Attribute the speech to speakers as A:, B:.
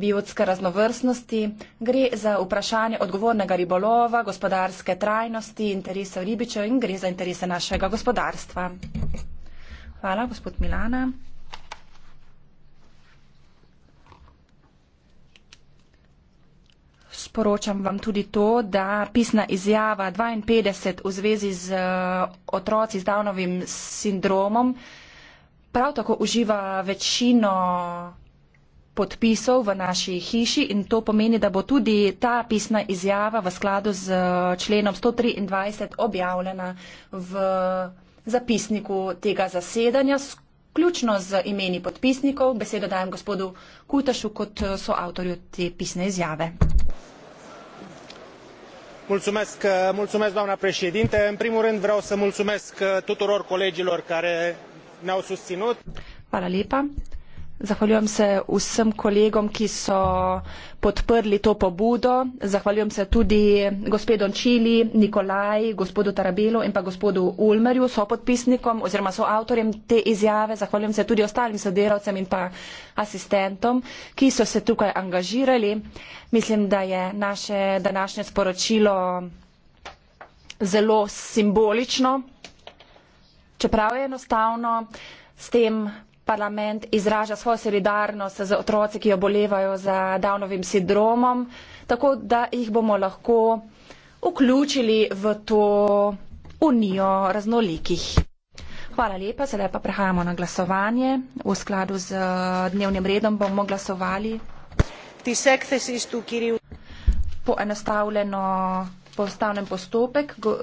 A: Biotske raznovrstnosti gre za vprašanje odgovornega ribolova, gospodarske trajnosti, interesov ribičev in gre za interese našega gospodarstva. Hvala, gospod Milana. Sporočam vam tudi to, da pisna izjava dvainpetdeset v zvezi z eh, otroci z Downovim sindromom prav tako uživa večino podpisov v naši hiši in to pomeni, da bo tudi ta pisna izjava v skladu z eh, členom 123 objavljena v zapisniku tega zasedanja, ključno z imeni podpisnikov. Besedo dajem gospodu Kutašu kot eh, soavtorju te pisne izjave. Mulțumesc, eh, mulțumesc, doamna președinte. În primul rând vreau să mulțumesc tuturor colegilor care ne-au susținut. Hvala lepa. Zahvaljujem se vsem kolegom, ki so podprli to pobudo. Zahvaljujem se tudi gospodu Čili, Nikolaj, gospodu Tarabelu in pa gospodu Ulmerju, so podpisnikom oziroma so avtorjem te izjave. Zahvaljujem se tudi ostalim sodelavcem in pa asistentom, ki so se tukaj angažirali. Mislim, da je naše današnje sporočilo zelo simbolično, čeprav je enostavno s tem parlament izraža svojo solidarnost z otroci, ki obolevajo za Downovim sindromom, tako da jih bomo lahko vključili v to unijo raznolikih. Hvala lepa, sedaj pa prehajamo na glasovanje. V skladu z eh, dnevnim redom bomo glasovali. Poenostavljeno postavnem postopek. Go,